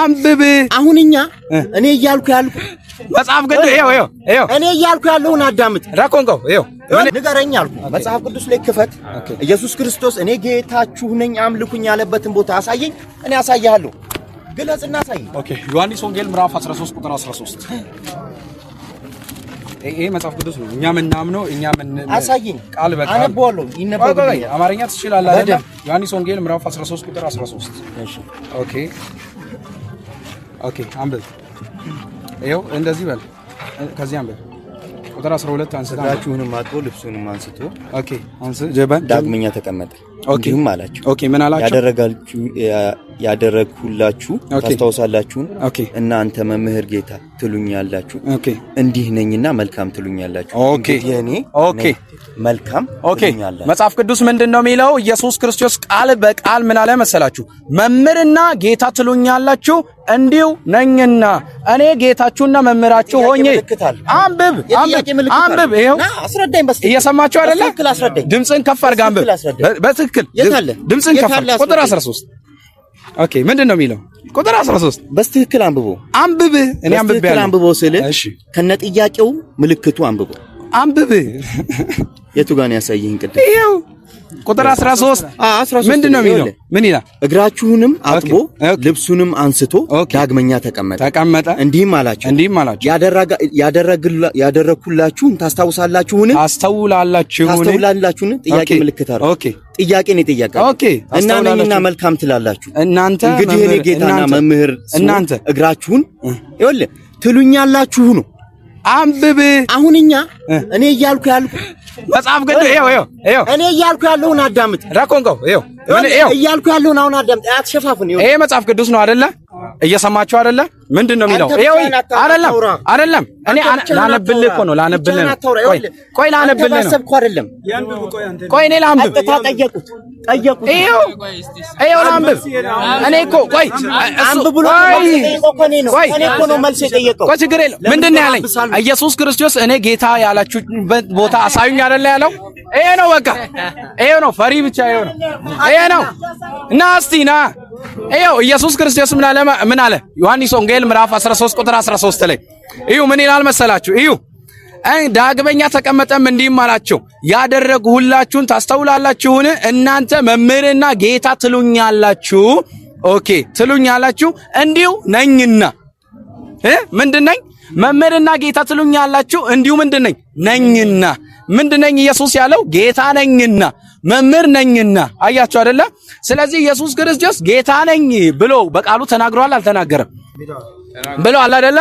አንብብ። አሁንኛ እኔ እያልኩ ያልኩ መጽሐፍ ቅዱስ ይኸው ይኸው ይኸው እኔ እያልኩ ያለውን አዳምጥ። ራቆንቀው ይኸው ንገረኝ አልኩ። መጽሐፍ ቅዱስ ላይ ክፈት። ኢየሱስ ክርስቶስ እኔ ጌታችሁ ነኝ አምልኩኝ ያለበትን ቦታ አሳየኝ፣ እኔ አሳያለሁ። ግለጽና አሳየኝ። ኦኬ ዮሐንስ ወንጌል ምዕራፍ 13 ቁጥር 13 ይሄ መጽሐፍ ቅዱስ ነው። እኛ ምናምነው እኛ ምን አሳየኝ። ቃል በቃል አነበዋለሁ። ይነበባል። አማርኛ ትችላለህ አይደል? ዮሐንስ ወንጌል ምዕራፍ 13 ቁጥር 13 እሺ። ኦኬ ኦኬ አንበል። ይኸው እንደዚህ በል። ከዚህ አንበል ቁጥር 12 አንስታችሁንም አጥቶ ልብሱንም አንስቶ ኦኬ። አንስ ጀባን ዳግመኛ ተቀመጠ። እንዲሁም አላችሁ ምን አላችሁ ያደረግሁላችሁ ታስታውሳላችሁን? እናንተ መምህር ጌታ ትሉኛላችሁ፣ እንዲህ ነኝና መልካም ትሉኛላችሁ። እኔ መልካም ትሉኛላችሁ። መጽሐፍ ቅዱስ ምንድን ነው የሚለው? ኢየሱስ ክርስቶስ ቃል በቃል ምን አለ መሰላችሁ? መምህርና ጌታ ትሉኛላችሁ እንዲሁ ነኝና እኔ ጌታችሁና መምህራችሁ ሆኜ። አንብብ አንብብ አንብብ። ይኸው እየሰማችሁ አይደለ? ድምፅን ከፍ አድርገህ አንብብ በትክክል በትክክል ድምፅን ከፋል። ቁጥር 13 ኦኬ፣ ምንድን ነው የሚለው? ቁጥር 13 በትክክል አንብቦ አንብብ። እኔ አንብቤ ያለው አንብቦ ስልህ ከነጥያቄው ምልክቱ አንብቦ አንብብ። የቱ ጋር ነው ያሳየኝ? ቅድም ይሄው ቁጥር 13 ምንድን ነው የሚለው? ምን ይላል? እግራችሁንም አጥቦ ልብሱንም አንስቶ ዳግመኛ ተቀመጠ ተቀመጠ እንዲህም አላቸው እንዲህም አላቸው ያደረግኩላችሁን ታስታውሳላችሁን? አስተውላላችሁን? አስተውላላችሁን? ጥያቄ ምልክት አለ። ኦኬ ጥያቄ ነው የጠየቀ። ኦኬ እናንተና መልካም ትላላችሁ እናንተ እንግዲህ እኔ ጌታና መምህር እናንተ እግራችሁን ይኸውልህ ትሉኛላችሁ ነው አንብብ። አሁን እኔ እያልኩ ያልኩ መጽሐፍ ቅዱስ ይኸው ይኸው ይኸው እኔ እያልኩ ያለውን አዳምጥ። ይኸው እያልኩ ያለውን አሁን አዳምጥ። አትሸፋፍን። ይሄ መጽሐፍ ቅዱስ ነው አይደለ? እየሰማችሁ አይደለ? ምንድን ነው የሚለው? ይሄው አይደለም አይደለም። እኔ ላነብልህ እኮ ነው ላነብልህ ነው። ቆይ ቆይ ላነብልህ ነው። አይደለም። ቆይ እኔ ላንብብ። ጠየቁት፣ ጠየቁት። ይሄው ይሄው ላንብብ። እኔ እኮ ቆይ አንብብ ብሎ ቆይ ቆይ ችግር የለም። ምንድን ነው ያለኝ? ኢየሱስ ክርስቶስ እኔ ጌታ ያላችሁበት ቦታ አሳዩኝ አይደለ ያለው? ይሄ ነው በቃ ይሄ ነው። ፈሪ ብቻ ይሄ ነው ይሄ ነው። ና እስቲ ና ይኸው ኢየሱስ ክርስቶስ ምን አለ ምን አለ? ዮሐንስ ወንጌል ምዕራፍ 13 ቁጥር 13 ላይ እዩ ምን ይላል መሰላችሁ? እዩ ዳግመኛ ተቀመጠም እንዲህም አላቸው ሁላችሁን ታስተውላላችሁን? እናንተ መምህርና ጌታ ትሉኛላችሁ። ኦኬ ትሉኛላችሁ፣ እንዲሁ ነኝና እ ምንድነኝ? መምህርና ጌታ ትሉኛላችሁ፣ እንዲሁ ምንድነኝ? ነኝና። ምንድነኝ? ኢየሱስ ያለው ጌታ ነኝና መምህር ነኝና አያችሁ አይደለ? ስለዚህ ኢየሱስ ክርስቶስ ጌታ ነኝ ብሎ በቃሉ ተናግሯል አልተናገረም? ብሎ አለ አይደለ?